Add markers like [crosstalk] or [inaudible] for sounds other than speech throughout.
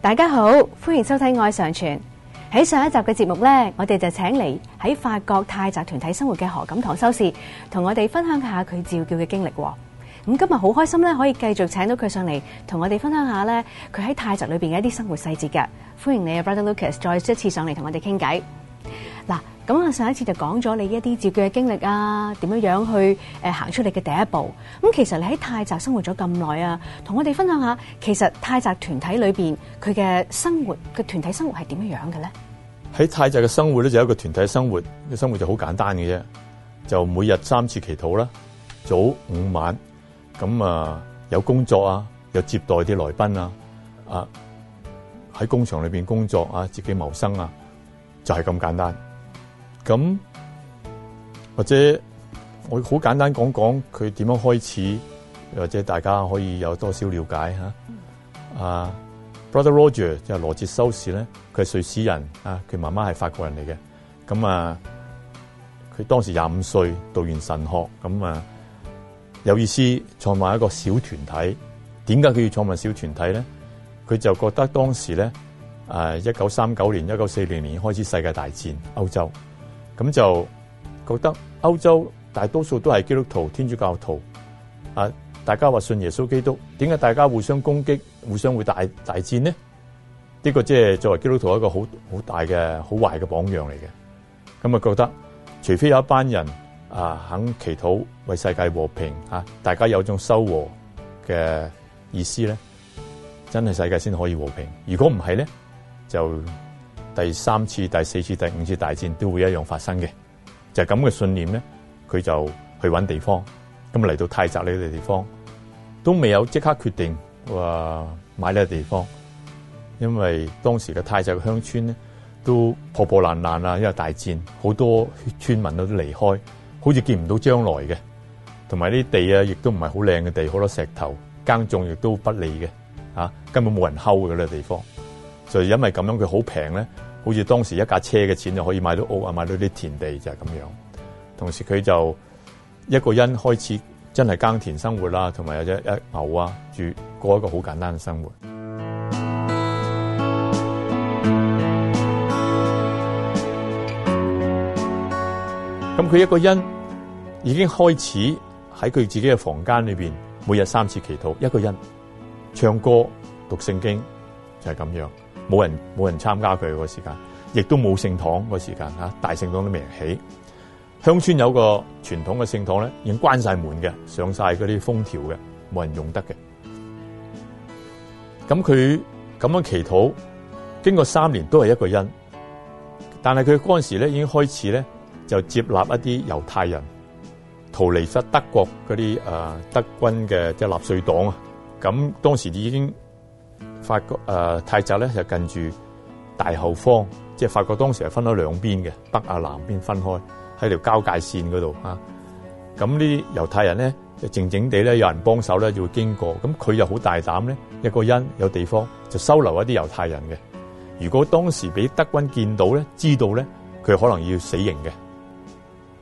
大家好，歡迎收睇《愛尚傳》。喺上一集嘅節目呢，我哋就請嚟喺法國泰澤團體生活嘅何錦棠修士，同我哋分享下佢召叫嘅經歷。咁今日好開心咧，可以繼續請到佢上嚟同我哋分享一下咧，佢喺泰澤裏邊嘅一啲生活細節嘅。歡迎你啊 Brother Lucas，再一次上嚟同我哋傾偈。嗱，咁啊上一次就講咗你一啲接顧嘅經歷啊，點樣樣去誒行出你嘅第一步。咁其實你喺泰澤生活咗咁耐啊，同我哋分享一下，其實泰澤團體裏邊佢嘅生活嘅團體生活係點樣樣嘅咧？喺泰澤嘅生活咧就有一個團體的生活嘅生活就好簡單嘅啫，就每日三次祈禱啦，早午晚。咁啊，有工作啊，有接待啲來賓啊，啊喺工場裏邊工作啊，自己謀生啊，就係、是、咁簡單。咁或者我好簡單講講佢點樣開始，或者大家可以有多少了解吓？啊，Brother Roger 就係羅哲修士咧，佢係瑞士人啊，佢媽媽係法國人嚟嘅。咁啊，佢當時廿五歲讀完神學，咁啊。有意思創辦一個小團體，點解佢要創辦小團體咧？佢就覺得當時咧，誒、呃，一九三九年、一九四零年開始世界大戰，歐洲咁就覺得歐洲大多數都係基督徒、天主教徒，啊，大家話信耶穌基督，點解大家互相攻擊、互相會大大戰咧？呢個即係作為基督徒一個好好大嘅好壞嘅榜樣嚟嘅，咁啊覺得除非有一班人。啊，肯祈禱為世界和平啊，大家有一種修和嘅意思咧，真係世界先可以和平。如果唔係咧，就第三次、第四次、第五次大戰都會一樣發生嘅。就係咁嘅信念咧，佢就去搵地方，咁嚟到泰澤呢個地方，都未有即刻決定話買呢個地方，因為當時嘅泰澤鄉村咧都破破爛爛啊，因為大戰好多村民都離開。好似見唔到將來嘅，同埋啲地啊，亦都唔係好靚嘅地，好多石頭，耕種亦都不利嘅，啊，根本冇人溝嘅呢個地方，就因為咁樣佢好平咧，好似當時一架車嘅錢就可以買到屋啊，買到啲田地就係咁樣。同時佢就一個人開始真係耕田生活啦，同埋有隻一牛啊，住過一個好簡單嘅生活。咁佢一個人已經開始喺佢自己嘅房間裏邊，每日三次祈禱，一個人唱歌讀聖經就係咁樣，冇人，冇人參加佢個時間，亦都冇聖堂個時間吓，大聖堂都未起，鄉村有個傳統嘅聖堂咧，已經關晒門嘅，上晒嗰啲封條嘅，冇人用得嘅。咁佢咁樣祈禱，經過三年都係一個人，但係佢嗰陣時咧已經開始咧。就接納一啲猶太人逃離咗德國嗰啲、呃、德軍嘅即係納粹黨啊。咁當時已經法國誒泰澤咧就近住大後方，即係法國當時係分咗兩邊嘅，北啊南邊分開喺條交界線嗰度。咁呢啲猶太人咧就靜靜地咧有人幫手咧就會經過，咁佢又好大膽咧，一個因有地方就收留一啲猶太人嘅。如果當時俾德軍見到咧，知道咧佢可能要死刑嘅。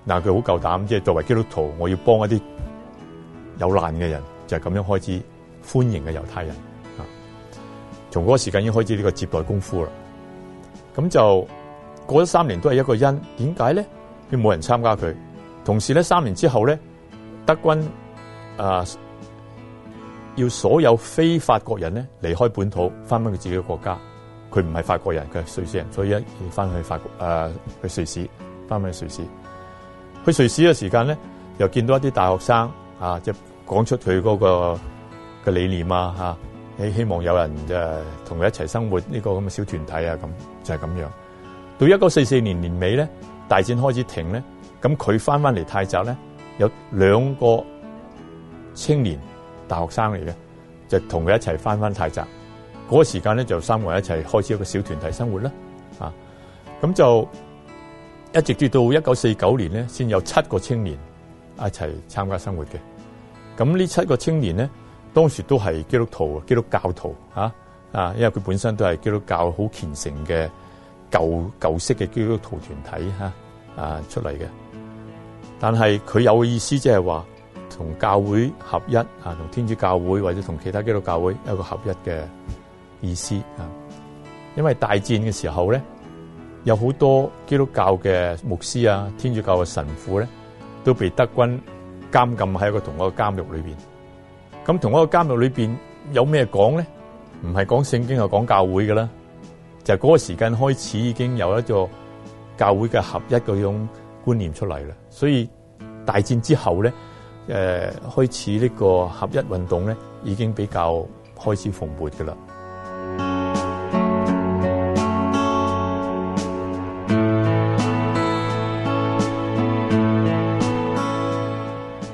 嗱，佢好夠膽，即係作為基督徒，我要幫一啲有難嘅人，就係、是、咁樣開始歡迎嘅猶太人啊。從嗰個時間已經開始呢個接待功夫啦。咁就過咗三年，都係一個因。點解咧？佢冇人參加佢。同時咧，三年之後咧，德軍啊、呃、要所有非法國人咧離開本土，翻返佢自己嘅國家。佢唔係法國人，佢係瑞士人，所以一翻去法國誒、呃、去瑞士，翻返瑞士。去瑞士嘅時間咧，又見到一啲大學生啊，即、就、係、是、講出佢嗰、那個嘅理念啊嚇，希、啊、希望有人就同佢一齊生活呢個咁嘅小團體啊，咁就係、是、咁樣。到一九四四年年尾咧，大戰開始停咧，咁佢翻翻嚟泰澤咧，有兩個青年大學生嚟嘅，就同佢一齊翻翻泰澤。嗰、那個時間咧就三個人一齊開始一個小團體生活啦，啊，咁就。一直至到一九四九年咧，先有七個青年一齊參加生活嘅。咁呢七個青年咧，當時都係基督徒、基督教徒吓啊，因為佢本身都係基督教好虔誠嘅舊舊式嘅基督徒團體吓啊出嚟嘅。但係佢有個意思即係話，同教會合一啊，同天主教會或者同其他基督教會有個合一嘅意思啊。因為大戰嘅時候咧。有好多基督教嘅牧師啊，天主教嘅神父咧，都被德軍監禁喺一個同一個監獄裏邊。咁同一個監獄裏邊有咩講咧？唔係講聖經，係講教會噶啦，就嗰、是、個時間開始，已經有一個教會嘅合一嗰種觀念出嚟啦。所以大戰之後咧，誒、呃、開始呢個合一運動咧，已經比較開始蓬勃噶啦。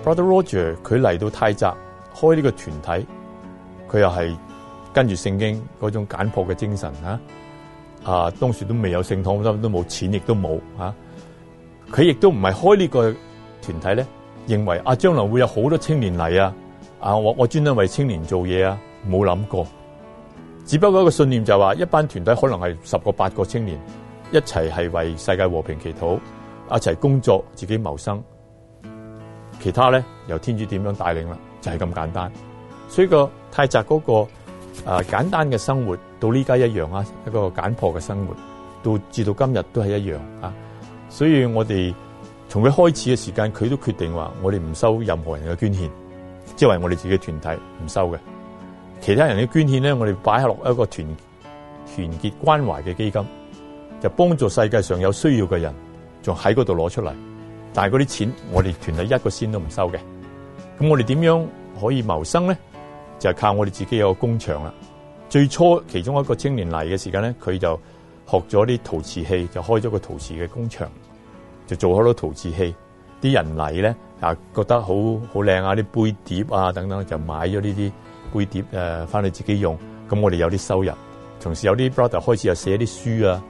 Brother Roger 佢嚟到泰澤開呢個團體，佢又係跟住聖經嗰種簡朴嘅精神啊！啊，當時都未有聖堂，都冇錢，亦都冇啊！佢亦都唔係開呢個團體咧，認為啊，將來會有好多青年嚟啊！啊，我我專登為青年做嘢啊，冇諗過，只不過一個信念就係話，一班團體可能係十個八個青年一齊係為世界和平祈禱，一齊工作自己謀生。其他咧，由天主點樣帶領啦，就係咁簡單。所以個泰澤嗰個啊簡單嘅生活到呢家一樣啊，一個簡樸嘅生活到至到今日都係一樣啊。所以我哋從佢開始嘅時間，佢都決定話我哋唔收任何人嘅捐獻，即係為我哋自己團體唔收嘅。其他人嘅捐獻咧，我哋擺下落一個團團結關懷嘅基金，就幫助世界上有需要嘅人，仲喺嗰度攞出嚟。但係嗰啲錢，我哋團體一個仙都唔收嘅。咁我哋點樣可以謀生咧？就係靠我哋自己有個工場啦。最初其中一個青年嚟嘅時間咧，佢就學咗啲陶瓷器，就開咗個陶瓷嘅工場，就做好多陶瓷器。啲人嚟咧啊，覺得好好靚啊，啲杯碟啊等等，就買咗呢啲杯碟誒，翻、呃、去自己用。咁我哋有啲收入，同時有啲 brother 開始又寫啲書啊。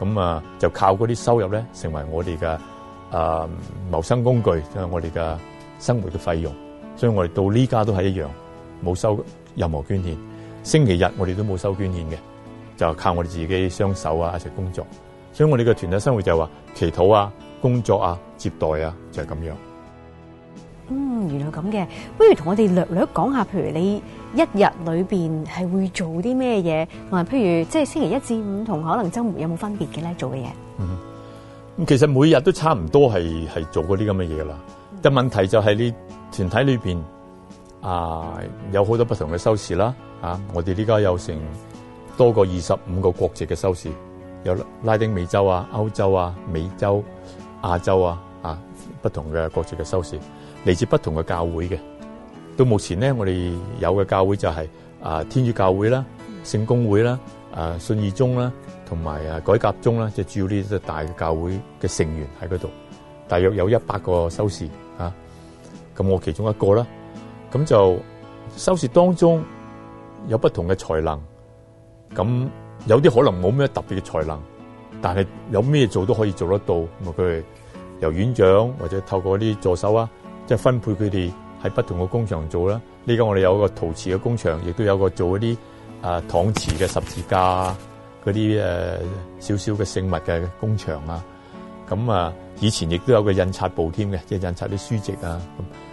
咁啊、呃，就靠嗰啲收入咧，成為我哋嘅。誒、呃，謀生工具就係我哋嘅生活嘅費用，所以我哋到呢家都係一樣，冇收任何捐獻。星期日我哋都冇收捐獻嘅，就靠我哋自己雙手啊，一齊工作。所以我哋嘅團體生活就係話祈禱啊、工作啊、接待啊，就係咁樣。嗯，原來咁嘅，不如同我哋略略講下，譬如你一日裏邊係會做啲咩嘢，同埋譬如即係星期一至五同可能周末有冇分別嘅咧，做嘅嘢。嗯。咁其實每日都差唔多係係做過啲咁嘅嘢啦，但問題就係你團體裏邊啊有好多不同嘅修士啦，啊我哋呢家有成多個二十五個國籍嘅修士，有拉丁美洲啊、歐洲啊、美洲、亞洲啊，啊不同嘅國籍嘅修士，嚟自不同嘅教會嘅。到目前咧，我哋有嘅教會就係、是、啊天主教會啦、聖公會啦、啊信義宗啦。同埋啊，改革中啦，即係主要呢啲大教會嘅成員喺嗰度，大約有一百個修士啊。咁我其中一個啦，咁就修士當中有不同嘅才能，咁有啲可能冇咩特別嘅才能，但係有咩做都可以做得到。咁佢由院長或者透過啲助手啊，即係分配佢哋喺不同嘅工場做啦。呢家我哋有個陶瓷嘅工場，亦都有個做一啲啊搪瓷嘅十字架。嗰啲誒少少嘅聖物嘅工場啊，咁啊，以前亦都有個印刷部添嘅，即係印刷啲書籍啊。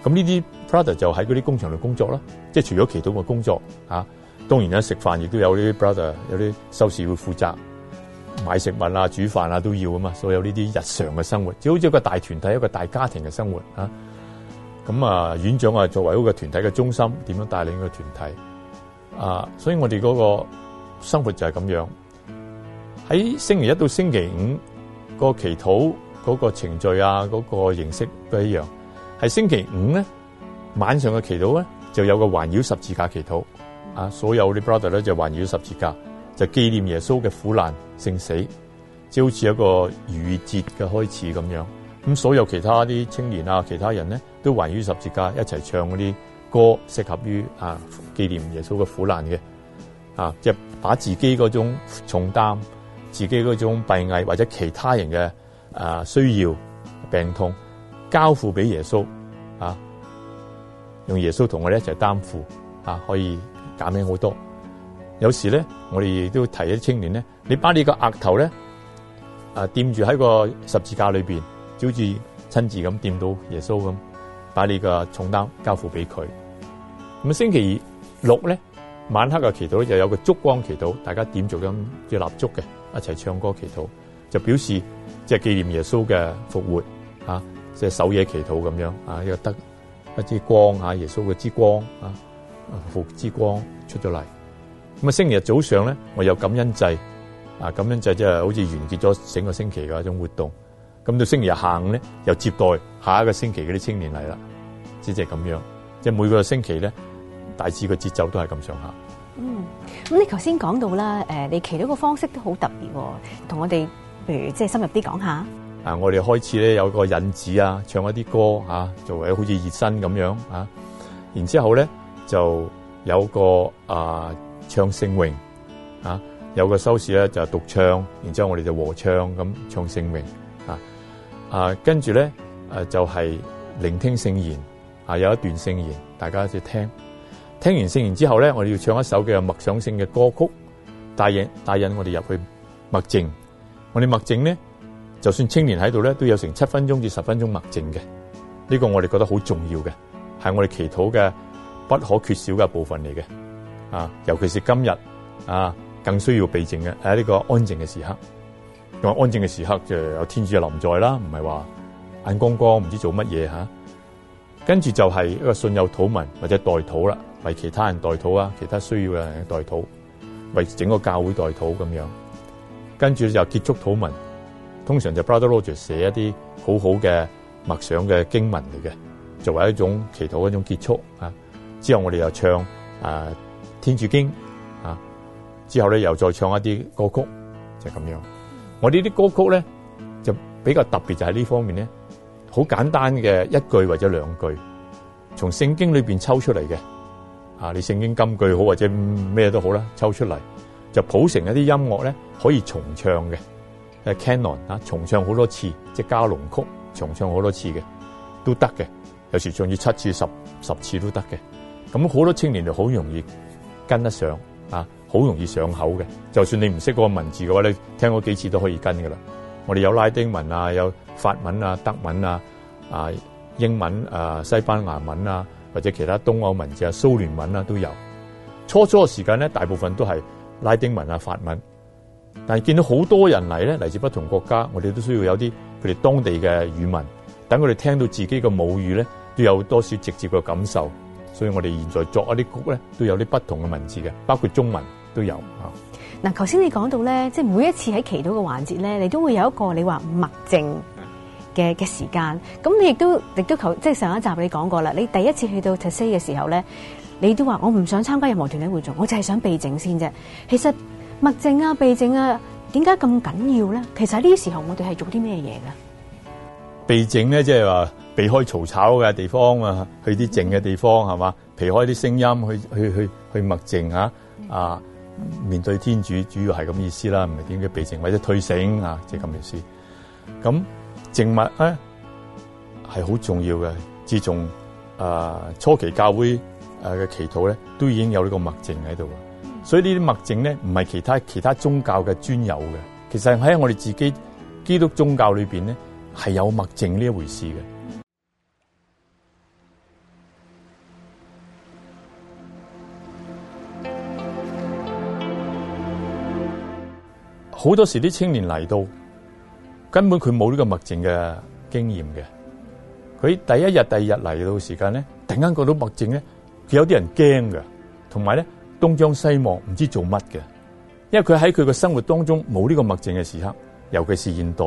咁咁呢啲 brother 就喺嗰啲工場度工作啦。即係除咗祈禱嘅工作嚇、啊，當然啦，食飯亦都有呢啲 brother 有啲修士會負責買食物啊、煮飯啊都要啊嘛。所有呢啲日常嘅生活，就好似一個大團體、一個大家庭嘅生活嚇。咁啊那，院長啊，作為一個團體嘅中心，點樣帶領一個團體啊？所以我哋嗰個生活就係咁樣。喺星期一到星期五個祈禱嗰個程序啊，嗰個形式都一樣。係星期五咧晚上嘅祈禱咧，就有個環繞十字架祈禱啊。所有啲 brother 咧就環繞十字架，就紀念耶穌嘅苦難聖死，即好似一個逾越節嘅開始咁樣。咁所有其他啲青年啊，其他人咧都環繞十字架一齊唱嗰啲歌，適合於啊紀念耶穌嘅苦難嘅啊，即係把自己嗰種重擔。自己嗰種閉翳或者其他人嘅啊、呃、需要病痛，交付俾耶穌啊，用耶穌同我哋一齊擔負啊，可以減輕好多。有時咧，我哋亦都提啲青年咧，你把你個額頭咧啊掂住喺個十字架裏邊，就好似親自咁掂到耶穌咁，把你個重擔交付俾佢。咁星期六咧晚黑嘅祈禱就有個燭光祈禱，大家點著咁啲蠟燭嘅。一齊唱歌祈禱，就表示即係、就是、紀念耶穌嘅復活，嚇即係守夜祈禱咁樣，啊又、啊、得一支光嚇、啊、耶穌嘅之光啊福之光出咗嚟。咁啊星期日早上咧，我有感恩祭啊感恩祭即係好似完結咗整個星期嘅一種活動。咁到星期日下午咧，又接待下一個星期嗰啲青年嚟啦，只係咁樣，即、就、係、是、每個星期咧大致個節奏都係咁上下。嗯，咁你頭先講到啦，誒，你其他個方式都好特別，同我哋，譬如即係深入啲講下。啊，我哋開始咧有個引子啊，唱一啲歌啊，作為好似熱身咁樣啊。然之後咧就有個啊唱聖詠啊，有個修士咧就獨唱，然之後我哋就和唱咁唱聖詠啊。啊，跟住咧誒就係聆聽聖言啊，有一段聖言，大家一齊聽。聽完聖言之後咧，我哋要唱一首嘅默想性嘅歌曲，帶引帶引我哋入去默靜。我哋默靜咧，就算青年喺度咧，都有成七分鐘至十分鐘默靜嘅。呢個我哋覺得好重要嘅，係我哋祈禱嘅不可缺少嘅部分嚟嘅。啊，尤其是今日啊，更需要避靜嘅喺呢個安靜嘅時刻。同埋安靜嘅時刻就有天主嘅臨在啦，唔係話眼光光唔知做乜嘢吓。跟住就係一個信友禱文，或者代禱啦。為其他人代禱啊，其他需要嘅人代禱，為整個教會代禱咁樣。跟住就結束禱文，通常就是 Brother Roger 寫一啲好好嘅默想嘅經文嚟嘅，作為一種祈禱一種結束啊。之後我哋又唱啊天主經啊，之後咧又再唱一啲歌曲，就咁樣。我呢啲歌曲咧就比較特別，就喺呢方面咧好簡單嘅一句或者兩句，從聖經裏邊抽出嚟嘅。啊！你聖經金句好或者咩、嗯、都好啦，抽出嚟就譜成一啲音樂咧，可以重唱嘅，Canon 啊，重唱好多次，即係加龍曲重唱好多次嘅都得嘅。有時仲要七次、十十次都得嘅。咁好多青年就好容易跟得上啊，好容易上口嘅。就算你唔識嗰個文字嘅話你聽過幾次都可以跟噶啦。我哋有拉丁文啊，有法文啊、德文啊、啊英文啊、西班牙文啊。或者其他東歐文字啊、蘇聯文啦都有。初初嘅時間咧，大部分都係拉丁文啊、法文。但見到好多人嚟咧，嚟自不同國家，我哋都需要有啲佢哋當地嘅語文，等佢哋聽到自己嘅母語咧，都有多少直接嘅感受。所以我哋現在作一啲曲咧，都有啲不同嘅文字嘅，包括中文都有啊。嗱，頭先你講到咧，即係每一次喺祈禱嘅環節咧，你都會有一個你話默靜嘅嘅時間，咁你亦都亦都求，即係上一集你講過啦。你第一次去到 Tessy 嘅時候咧，你都話我唔想參加任何團體活動，我就係想避靜先啫。其實默靜啊、避靜啊，點解咁緊要咧？其實呢啲時候，我哋係做啲咩嘢噶？避靜咧，即係話避開嘈吵嘅地方啊，去啲靜嘅地方係嘛，避開啲聲音，去去去去默靜吓啊！面對天主，主要係咁意思啦，唔係點嘅避靜或者退省啊，即係咁意思。咁靜默咧係好重要嘅，自從啊、呃、初期教會誒嘅祈禱咧都已經有呢個默靜喺度，所以呢啲默靜咧唔係其他其他宗教嘅專有嘅，其實喺我哋自己基督宗教裏邊咧係有默靜呢一回事嘅。好 [music] 多時啲青年嚟到。根本佢冇呢個默靜嘅經驗嘅，佢第一日第二日嚟到時間咧，突然間覺到默靜呢，咧，佢有啲人驚嘅，同埋咧東張西望唔知做乜嘅，因為佢喺佢嘅生活當中冇呢個默靜嘅時刻，尤其是現代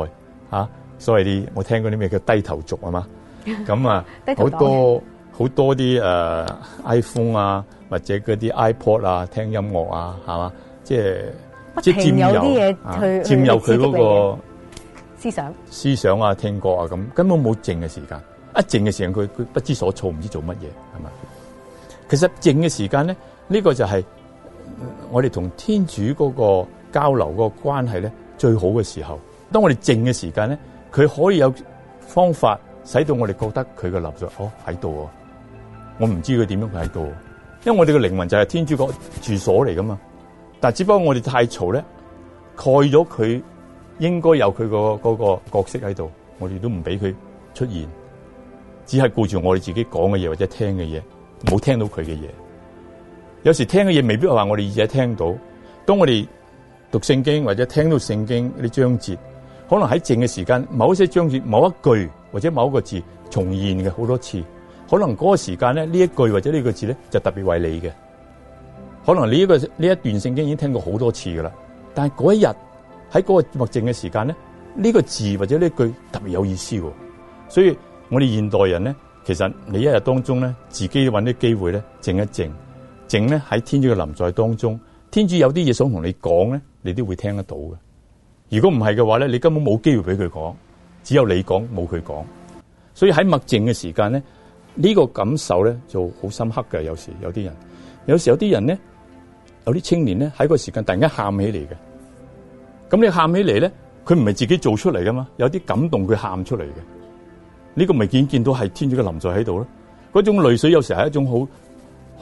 吓、啊，所謂啲我聽過啲咩叫低頭族 [laughs] 啊嘛，咁啊好多好 [laughs] 多啲誒、 [laughs] uh, iPhone 啊或者嗰啲 iPod 啊聽音樂啊係嘛，即係即係佔有，有、啊、佔有佢嗰、嗰個。思想、思想啊，聽歌啊，咁根本冇靜嘅時間。一靜嘅時間，佢佢不知所措，唔知做乜嘢，係嘛？其實靜嘅時間咧，呢、呢個就係我哋同天主嗰個交流嗰個關係咧，最好嘅時候。當我哋靜嘅時間咧，佢可以有方法使到我哋覺得佢嘅立足，哦喺度啊！我唔知佢點樣喺度，因為我哋嘅靈魂就係天主個住所嚟噶嘛。但只不過我哋太嘈咧，蓋咗佢。應該有佢個個角色喺度，我哋都唔俾佢出現，只係顧住我哋自己講嘅嘢，或者聽嘅嘢，冇聽到佢嘅嘢。有時聽嘅嘢未必係話我哋耳仔聽到。當我哋讀聖經或者聽到聖經嗰啲章節，可能喺靜嘅時間，某一些章節某一句或者某一個字重現嘅好多次，可能嗰個時間咧，呢一句或者呢個字咧就特別為你嘅。可能呢一個呢一段聖經已經聽過好多次噶啦，但係嗰一日。喺嗰個默靜嘅時間咧，呢個字或者呢句特別有意思喎。所以我哋現代人咧，其實你一日當中咧，自己揾啲機會咧，靜一靜，靜咧喺天主嘅臨在當中，天主有啲嘢想同你講咧，你都會聽得到嘅。如果唔係嘅話咧，你根本冇機會俾佢講，只有你講冇佢講。所以喺默靜嘅時間咧，呢個感受咧就好深刻嘅。有時有啲人，有時有啲人咧，有啲青年咧喺個時間突然間喊起嚟嘅。咁你喊起嚟咧，佢唔係自己做出嚟噶嘛？有啲感動佢喊出嚟嘅，呢個咪見見到係天主嘅臨在喺度咯。嗰種淚水有時係一種好，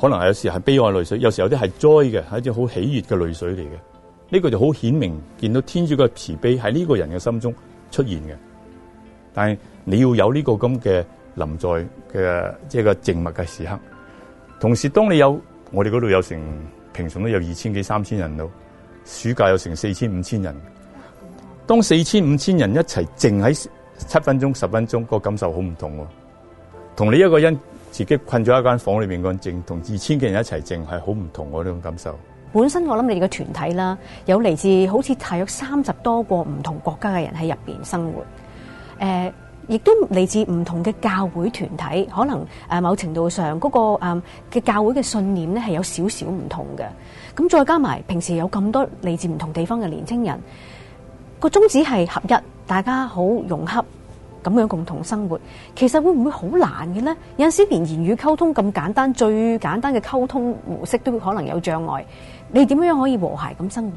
可能有時係悲哀淚水，有時有啲係災嘅，係一種好喜悅嘅淚水嚟嘅。呢個就好顯明見到天主嘅慈悲喺呢個人嘅心中出現嘅。但係你要有呢個咁嘅臨在嘅，即係個靜默嘅時刻。同時，當你有我哋嗰度有成平常都有二千幾三千人到。暑假有成四千五千人，當四千五千人一齊靜喺七分鐘、十分鐘，個感受好唔同。同你一個人自己困咗一間房裏面，個靜，同二千幾人一齊靜係好唔同的。我呢種感受。本身我諗你哋嘅團體啦，有嚟自好似大約三十多個唔同國家嘅人喺入邊生活。誒、呃。亦都嚟自唔同嘅教會團體，可能誒，某程度上嗰個誒嘅教會嘅信念咧，係有少少唔同嘅。咁再加埋平時有咁多嚟自唔同地方嘅年青人，個宗旨係合一，大家好融洽，咁樣共同生活，其實會唔會好難嘅咧？有陣時連言語溝通咁簡單，最簡單嘅溝通模式都會可能有障礙。你點樣可以和諧咁生活？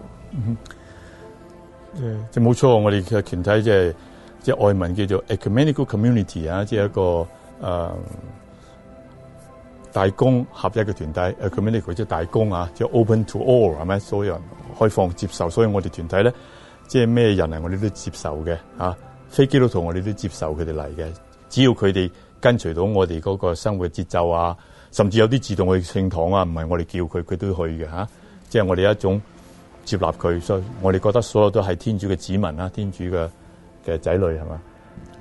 誒，即冇錯，我哋其實團體即係。即係外文叫做 ecumenical community 啊，即係一個誒、呃、大公合一嘅團體。ecumenical 即係大公啊，即、就、係、是、open to all 係咪？所有人開放接受，所以我哋團體咧，即係咩人嚟，我哋都接受嘅。吓，非基督徒我哋都接受佢哋嚟嘅，只要佢哋跟隨到我哋嗰個生活節奏啊，甚至有啲自動去聖堂啊，唔係我哋叫佢，佢都去嘅。吓，即係我哋一種接納佢，所以我哋覺得所有都係天主嘅子民啦，天主嘅。嘅仔女係嘛？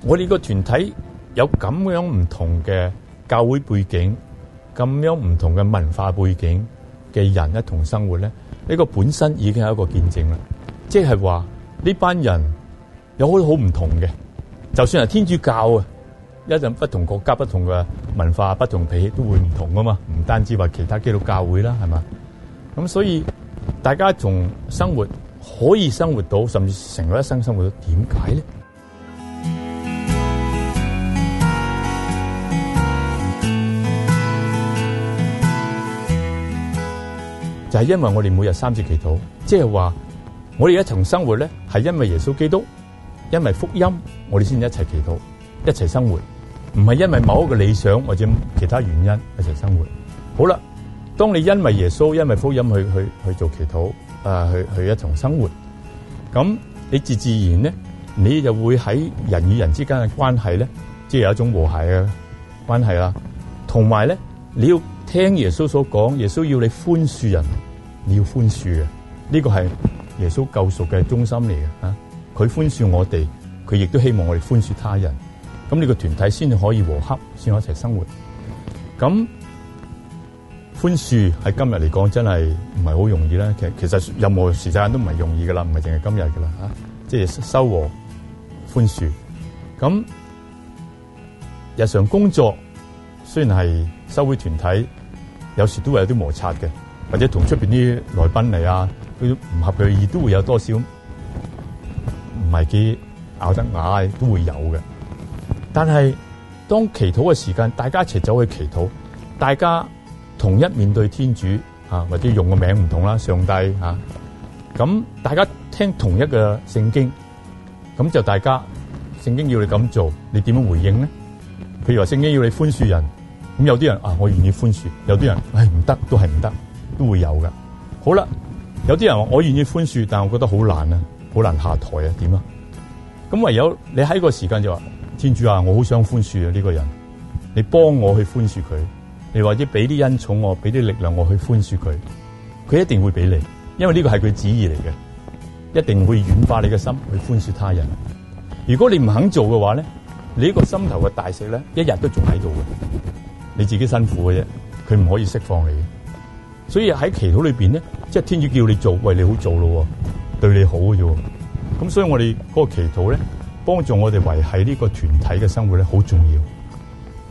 我哋個團體有咁樣唔同嘅教會背景，咁樣唔同嘅文化背景嘅人一同生活咧，呢個本身已經係一個見證啦。即係話呢班人有好好唔同嘅，就算係天主教啊，一陣不同國家、不同嘅文化、不同脾氣都會唔同噶嘛。唔單止話其他基督教會啦，係嘛？咁所以大家同生活。可以生活到，甚至成個一生生活到，點解咧？就係因為我哋每日三次祈禱，即係話我哋一層生活咧，係因為耶穌基督，因為福音，我哋先至一齊祈禱，一齊生活，唔係因為某一個理想或者其他原因一齊生活。好啦，當你因為耶穌，因為福音去去去做祈禱。啊，去去一同生活，咁你自自然咧，你就會喺人與人之間嘅關係咧，即係有一種和諧嘅、啊、關係啦、啊。同埋咧，你要聽耶穌所講，耶穌要你寬恕人，你要寬恕嘅、啊，呢、這個係耶穌救贖嘅中心嚟嘅啊。佢寬恕我哋，佢亦都希望我哋寬恕他人。咁呢個團體先可以和洽，先可以一齊生活。咁。寬恕喺今日嚟講真係唔係好容易啦，其實其實任何時間都唔係容易噶啦，唔係淨係今日噶啦吓，即係修和寬恕。咁日常工作雖然係收會團體，有時都會有啲摩擦嘅，或者同出邊啲來賓嚟啊，佢唔合佢意都會有多少唔係幾咬得牙都會有嘅。但係當祈禱嘅時間，大家一齊走去祈禱，大家。同一面對天主啊，或者用個名唔同啦，上帝啊，咁大家聽同一個聖經，咁就大家聖經要你咁做，你點樣回應呢？譬如話聖經要你寬恕人，咁有啲人啊，我願意寬恕，有啲人唉，唔得，都係唔得，都會有噶。好啦，有啲人話我願意寬恕，但係我覺得好難啊，好難下台啊，點啊？咁唯有你喺個時間就話，天主啊，我好想寬恕啊呢個人，你幫我去寬恕佢。你或者俾啲恩寵我，俾啲力量我去寬恕佢，佢一定會俾你，因為呢個係佢旨意嚟嘅，一定會軟化你嘅心去寬恕他人。如果你唔肯做嘅話咧，你呢個心頭嘅大石咧，一日都仲喺度嘅，你自己辛苦嘅啫，佢唔可以釋放你。所以喺祈禱裏邊咧，即係天主叫你做，為你好做咯，對你好嘅啫。咁所以我哋嗰個祈禱咧，幫助我哋維繫呢個團體嘅生活咧，好重要。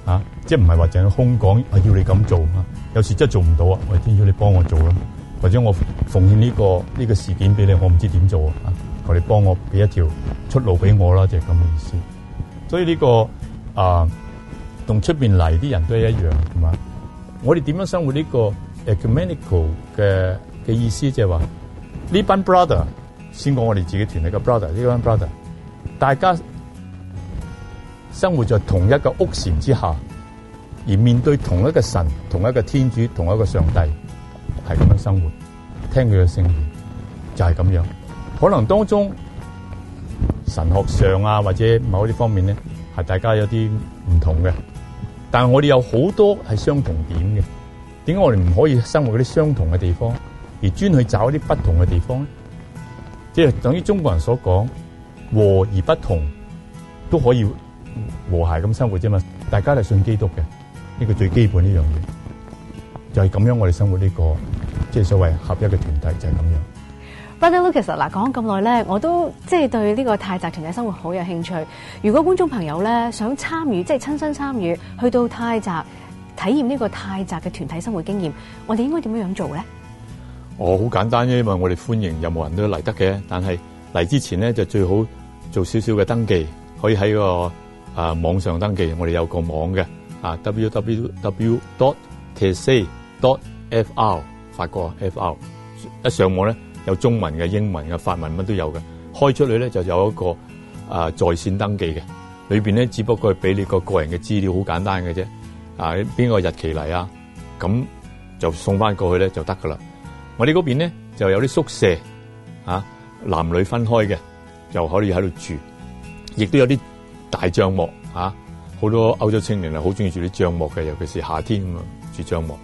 啊！即係唔係話淨係空講、啊，要你咁做啊！有時真係做唔到啊，我天主你幫我做或者我奉獻呢、這個呢、這個事件俾你，我唔知點做啊！求你幫我哋幫我俾一條出路俾我啦、啊，就係咁嘅意思。所以呢、這個啊同出邊嚟啲人都係一樣，我哋點樣生活呢個？ecumenical 嘅嘅意思、就是，即係話呢班 brother 先講我哋自己團隊嘅 brother，呢班 brother 大家。生活在同一個屋檐之下，而面對同一個神，同一個天主，同一個上帝，係咁樣生活，聽佢嘅聖言就係、是、咁樣。可能當中神學上啊，或者某啲方面咧，係大家有啲唔同嘅，但係我哋有好多係相同點嘅。點解我哋唔可以生活嗰啲相同嘅地方，而專去找啲不同嘅地方咧？即、就、係、是、等於中國人所講和而不同都可以。和諧咁生活啫嘛，大家都係信基督嘅，呢個最基本呢樣嘢，就係咁樣。我哋生活呢個即係所謂合一嘅團體就係咁樣。Brother Lucas，其實嗱講咁耐咧，我都即係對呢個泰澤團體生活好有興趣。如果觀眾朋友咧想參與，即係親身參與，去到泰澤體驗呢個泰澤嘅團體生活經驗，我哋應該點樣樣做咧？哦，好簡單啫，因為我哋歡迎任何人都嚟得嘅，但係嚟之前咧就最好做少少嘅登記，可以喺個。啊，網上登記我哋有個網嘅，啊 w w w dot c dot fr 法國 f r 一上網咧有中文嘅、英文嘅、法文乜都有嘅，開出去咧就有一個啊在線登記嘅，裏面咧只不過係俾你個個人嘅資料好簡單嘅啫，啊邊個日期嚟啊，咁就送翻過去咧就得噶啦。我哋嗰邊咧就有啲宿舍，啊男女分開嘅，就可以喺度住，亦都有啲。大帳幕啊，好多歐洲青年啊，好中意住啲帳幕嘅，尤其是夏天咁啊，住帳幕。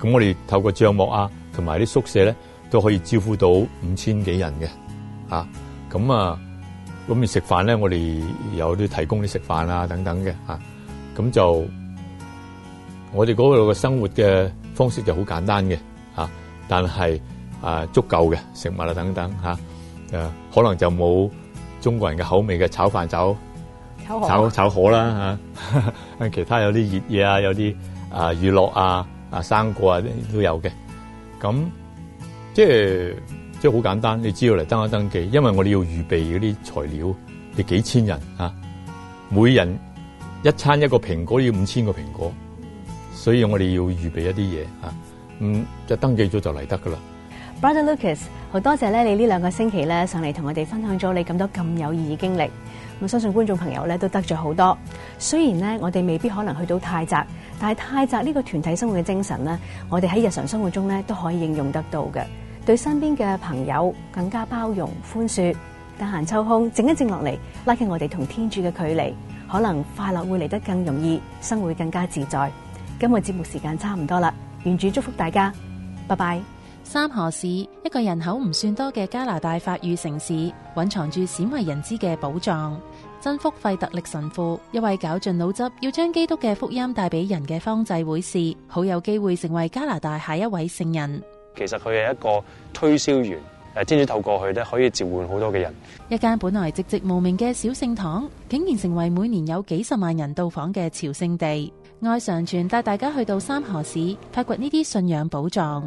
咁我哋透過帳幕啊，同埋啲宿舍咧，都可以招呼到五千幾人嘅，啊，咁啊，咁你食飯咧，我哋有啲提供啲食飯啊，等等嘅，啊，咁就我哋嗰度嘅生活嘅方式就好簡單嘅，啊，但係啊，足夠嘅食物啊，等等嚇，誒，可能就冇中國人嘅口味嘅炒飯酒。炒炒河啦吓，啊，其他有啲熱嘢啊，有啲啊娛樂啊，啊生果啊，都有嘅。咁即係即係好簡單，你只要嚟登一登記，因為我哋要預備嗰啲材料，你幾千人啊，每人一餐一個蘋果，你要五千個蘋果，所以我哋要預備一啲嘢啊，就、嗯、登記咗就嚟得㗎喇。Brother Lucas，好多謝咧，你呢兩個星期咧上嚟同我哋分享咗你咁多咁有意義經歷。我相信觀眾朋友咧都得咗好多。雖然咧我哋未必可能去到泰澤，但係泰澤呢個團體生活嘅精神咧，我哋喺日常生活中咧都可以應用得到嘅。對身邊嘅朋友更加包容寬恕，得閒抽空靜一靜落嚟，拉近我哋同天主嘅距離，可能快樂會嚟得更容易，生活更加自在。今日節目時間差唔多啦，願主祝福大家，拜拜。三河市，一個人口唔算多嘅加拿大法語城市，蘊藏住鮮為人知嘅寶藏。真福費特力神父，一位絞盡腦汁要將基督嘅福音帶俾人嘅方濟會士，好有機會成為加拿大下一位聖人。其實佢係一個推銷員，誒，天主透過佢咧可以召喚好多嘅人。一間本來寂寂無名嘅小聖堂，竟然成為每年有幾十萬人到訪嘅朝聖地。愛常傳帶大家去到三河市發掘呢啲信仰寶藏。